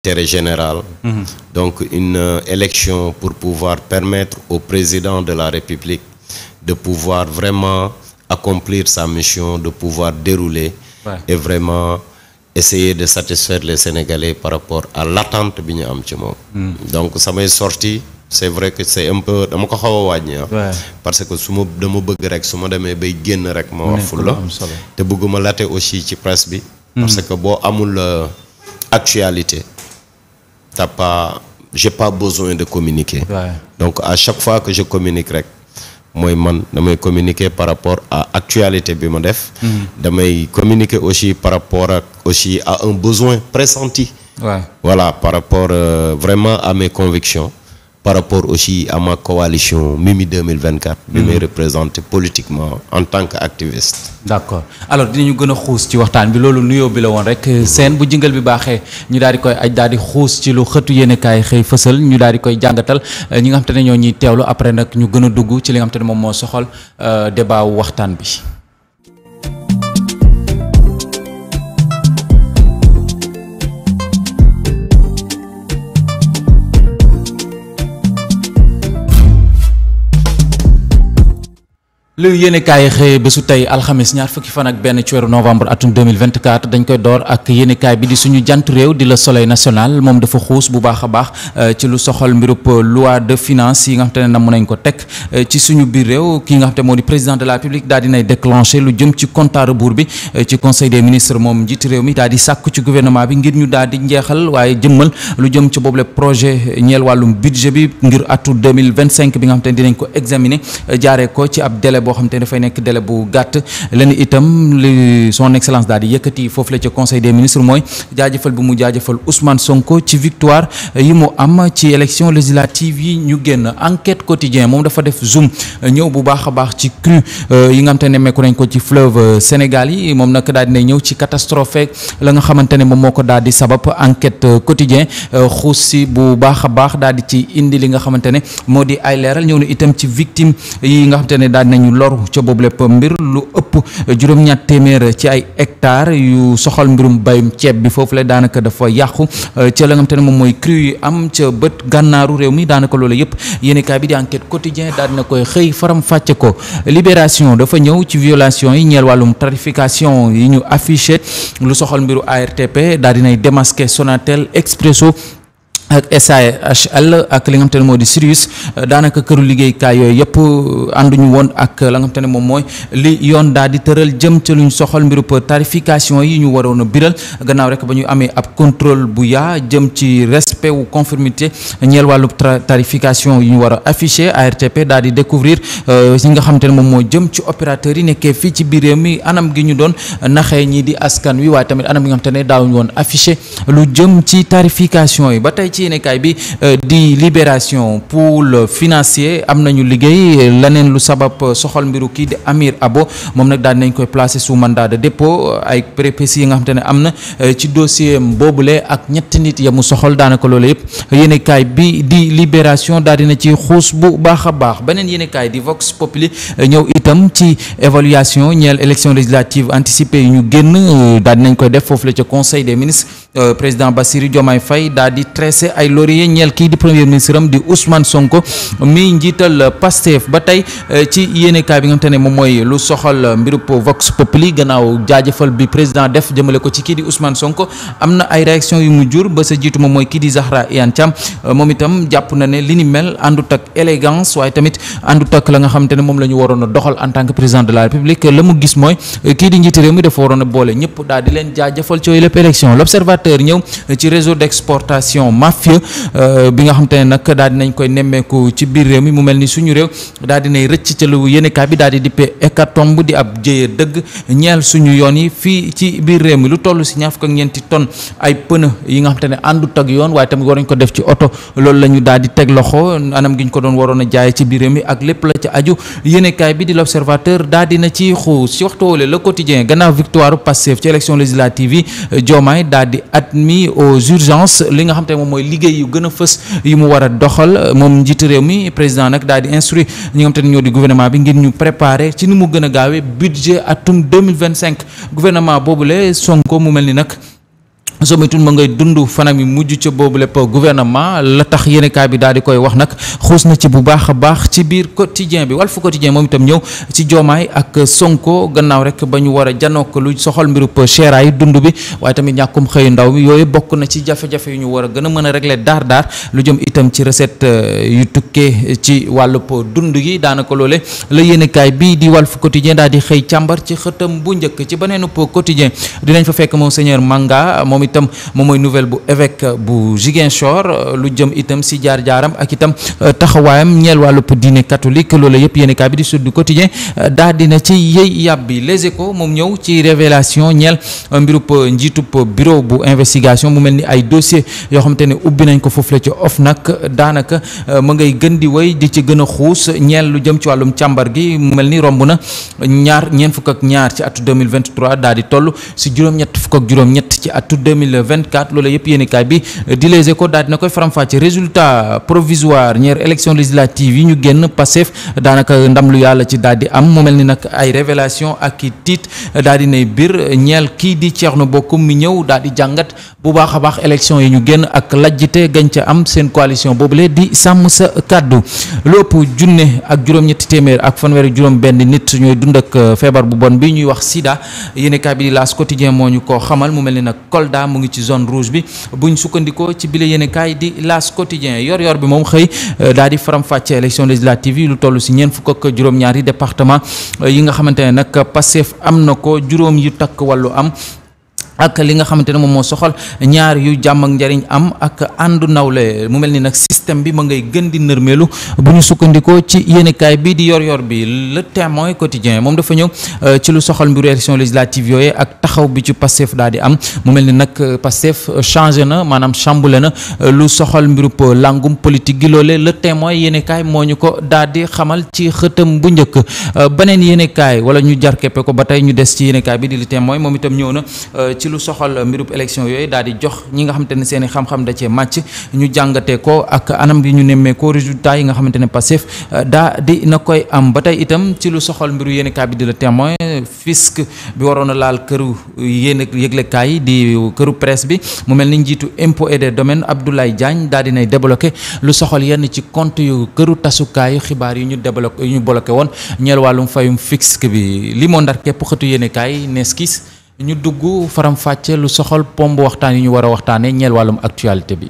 intérêt général. Mmh. Donc une euh, élection pour pouvoir permettre au président de la République de pouvoir vraiment accomplir sa mission, de pouvoir dérouler ouais. et vraiment essayer de satisfaire les Sénégalais par rapport à l'attente bi ñu am ci moom. Mhm. Donc samay sortie c'est vrai que c'est un peu dama ko xaw a wàññi ah. parce que su ma dama bëgg rek su ma demee bay génn rek ma wax fu la te bëgguma late aussi ci presse bi. Mhm. parce que boo amul euh, actualité. t'as pas j'ai pas besoin de communiquer. donc à chaque fois que je communique rek mooy man damay communiquer par rapport à actualité bi ma def. Mm-hmm. damay communiquer aussi par rapport ak aussi à un besoin pressenti. voilà par rapport euh, vraiment à mes convictions. par rapport aussi à ma coalition Mimi 2024. bi mi mhm. représenté politiquement en tant qu'activiste. d'accord alors dinañu gën a xuus ci waxtaan bi loolu nuyoo bi la woon rek seen bu jingal bi baaxee ñu daal di koy aj daal di xuus ci lu xëtu yéenekaay xëy fësal ñu daal di koy jàngatal euh, ñi nga xam ne ñoo ñi teewlu après nag ñu gën a dugg ci li nga xam ne moom moo soxal euh, débat waxtaan bi. lu yéenekaay yi xëye bésu tey alxamis ñaar fukki fan ak benn ci weeru novembre atum 2024 dañ koy door ak yéenekaay bi di suñu jant réew di la soleil national moom dafa xuus bu baax a baax euh, ci lu soxal mbirub euh, loi de finance yi nga xam ne na mën nañ ko teg euh, ci suñu biir réew ki nga xam te moo di président de la république daal dinay déclenché lu jëm ci compte à rebours bi ci conseil des ministres moom njiit réew mi daal di sàkk ci gouvernement bi ngir ñu daal di njeexal waaye jëmmal lu jëm projet ñeel wàllum budget bi ngir atu 2025 bi nga xam te ne dinañ ko examiner jaaree ko ci boo xam te ne dafay nekk délai bu gàtt leen itam li son excellence daal di yëkkati foofu la ca conseil des ministres mooy jaajëfal bu mu jaajëfal Ousmane Sonko ci victoire yi mu am ci élection législative yi ñu génn enquête quotidien moom dafa def zoom ñëw bu baax a baax ci crue euh, yi nga xam te ne meeku nañ ko ci fleuve Sénégal yi moom moo ko daal di sabab enquête euh, quotidien euh, xuus si bu baax a baax daal di ci indi li nga xamante ne moo di ay leeral ñëw na itam ci victime yi nga xamante ne daal dinañu loru ca boobu lépp mbir lu ëpp juróom-ñaat téeméer ci ay hectares yu soxal mbirum bayum ceeb bi foofu la daanaka dafa yàqu ca la nga ne moom mooy cru yi am ca bët gànnaaru réew mi daanaka loolu yëpp yéenekaay bi di enquête quotidien daal dina koy xëy faram fàcce ko libération dafa ñëw ci violation yi ñeel wàllum tarification yi ñu affiché lu soxal mbiru ARTP daal dinay démasqué Sonatel Expresso ak SAHL ak li nga xam te ne moo di Sirius euh, daanaka këru liggéeykaay yooyu yëpp euh, ànduñu woon ak euh, la ne moom mooy li yoon daal di tëral jëm ca luñ soxal mbirub tarification yi ñu waroon a biral gannaaw rek ba ñu amee ab contrôle bu yaa jëm ci respect wu conformité ñeel wàllub yi ñu war a affiché ARTP daal di découvrir yi nga xam te ne moom moo jëm ci opérateurs yi nekkee fii ci biir réew mi anam gi ñu doon naxee ñi di askan wi waaye tamit anam gi nga xam te ne daawuñu woon affiché lu jëm ci tarification yi ba tey ci yéenekaay bi euh, di libération pool financier am nañu liggéey leneen lu sabab euh, soxal mbiru kii di Amir Abo moom nag daal nañ koy placer su mandat de dépôt euh, ay péripéties yi nga xam te ne am na ci dossier boobule ak ñetti nit ya mu soxal daanaka loolu yëpp yéenekaay bi di libération daal dina ci xuus bu baax a baax beneen yenekaay di Vox Populi ñëw itam ci évaluation ñeel élection législative anticipée yi ñu génn daal dinañ koy def foofu la ca conseil des ministres Euh, président Bassirou Diomaye Faye daal di tressé ay laurier ñeel kii di premier ministre am di Ousmane Sonko mi njiital Pastef ba tey euh, ci yéenekaay bi nga xam ne moom mooy lu soxal mbirub Vox Populi gannaaw jaajëfal bi président def jëmale ko ci kii di Ousmane Sonko am na ay réaction yu mu jur ba sa jiitu moom mooy kii di Zahra Iyane Thiam euh, moom itam jàpp na ne li ni mel élégance waaye tamit àndut la nga xam te ne moom la ñu waroon a doxal en tant que président la république la mu gis mooy kii di njiitu leen jaajëfal ci yooyu lépp élection exportateur ñëw ci réseau d'exportation mafieux bi nga xam te ne nag daal dinañ koy nemmeeku ci biir réew mi mu mel ni suñu réew daal dinay rëcc ca lu yéenekaay bi daal lu toll si ñaar fukk ak ñeenti tonnes ay pneu yi nga xam la ñu daal di teg loxo anam gi ñu ko doon waroon a jaay ci biir réew mi ak lépp la ci aju yéenekaay bi di l'observateur daal dina ci xuus ci waxtu woole le quotidien gannaaw victoire Pastef ci élection législative yi Diomaye daal at admis aux urgences li nga xam te moom mooy liggéey yu gën a fës yu mu war a doxal moom njiitu réew mi président nag daal di instruire ñi nga xam te ne ñoo di gouvernement bi ngir ñu préparer ci nu mu gën a gaawee budget atum 2025 gouvernement boobule Sonko mu mel ni nag soo moytuwul ma ngay dund fanam yi mujj ca boobu lépp gouvernement la tax yéenekaay bi daal di koy wax nag xuus na ci bu baax a baax ci biir quotidien bi Walf Quotidien moom itam ñëw ci Diomaye ak Sonko gannaaw rek ba ñu war a janook lu soxal mbirub chéraay dund bi waaye tamit ñàkkum xëyu ndaw bi yooyu bokk na ci jafe-jafe yu ñu war gën a mën a régler daar daar lu jëm itam ci recette euh, yu tukkee ci wàllub dund gi daanaka loole la yéenekaay bii di Walf Quotidien daal di xëy càmbar ci xëtam bu njëkk ci beneenub quotidien dinañ itam moom mooy nouvelle bu évêque bu Ziguinchor lu jëm itam si jaar jaaram ak itam euh, taxawaayam ñeel wàllub diine catholique loolu yëpp yéen kaay bi di Sud Quotidien euh, daal dina ci yëy yàbbi Les Échos moom ñëw ci révélation ñeel euh, mbirub njiitub bureau bu investigation mu mel ni ay dossier yoo xamante ne ubbi nañ ko foofu la ci of nag daanaka ma ngay gën di woy di ci gën a xuus ñeel lu jëm ci wàllum càmbar gi mu mel ni romb na ñaar ñeent fukk ak ñaar ci at 2023 daal di toll si 2024 loola yëpp yéen kaay bi euh, di Les Échos daal dina koy faram-fàcce résultat euh, provisoire ñeer élection législative yi ñu génn Pastef daanaka ndam lu yàlla ci daal di am mu mel ni nag ay révélation ak i tiit euh, daal di nay biir ñeel kii di Thierno Bocoum mi ñëw daal di jàngat bu baax a baax élection yi ñu génn ak lajjite gañ ca am seen coalition boobule di sàmm sa kàddu lu ëpp junne ak juróom-ñetti téeméer ak fanweeri juróom-benn nit ñooy dund ak feebar bu bon bi ñu ko xamal mu ngi ci zone rouge bi buñ sukkandikoo ci bile yéen kaay di L'As quotidien yor yor bi moom xëy euh, daal di faram-fàcce élection législative yi lu toll si ñeent fukk ak juróom-ñaari département euh, yi nga xamante ne nag Pastef am na ko juróom yu takk wàllu am ak li nga xamante ne moom moo soxal ñaar yu jàmm njariñ am ak àndu nawle mu mel ni nag système bi ma ngay gën di nërmeelu bu ñu sukkandikoo ci yéenekaay bi di yor yor bi le témoin quotidien moom dafa ñëw euh, ci lu soxal mbiru élection législative yooyu ak taxaw bi ci Pastef daal di am mu mel ni nag euh, Pastef euh, changé na maanaam chamboulé na lu soxal mbirub langum politique gi loolee le témoin yéenekaay moo ñu ko daal di xamal ci xëtam bu njëkk beneen yenekaay wala ñu jar keppe ko ba tey ñu des ci yéenekaay bi di li témoin moom itam ñëw na ci lu soxal mbirub élection yooyu daal di jox ñi nga xamante ne seen i xam-xam da cee màcc jàngatee ko ak anam gi ñu nemmee ko résultat yi nga xamante ne Pastef euh, daa di na koy am ba tey itam ci lu soxal mbiru yéen kaay bi di la témoin fisc bi waroon a laal këru yéen yëglekaay yi di këru presse bi mu mel ni njiitu impôt et des domaines Abdoulaye Diagne daal di nay débloqué lu soxal yenn ci compte yu këru tasukaayu xibaar yu ñu débloqué yu ñu bloqué woon ñeel wàllum fayum fisc bi li moo ndar képp xëtu yéen kaay ñu dugg faram-fàcce lu soxal pomb waxtaan yi ñu war a waxtaanee ñeel wàllum actualité bi.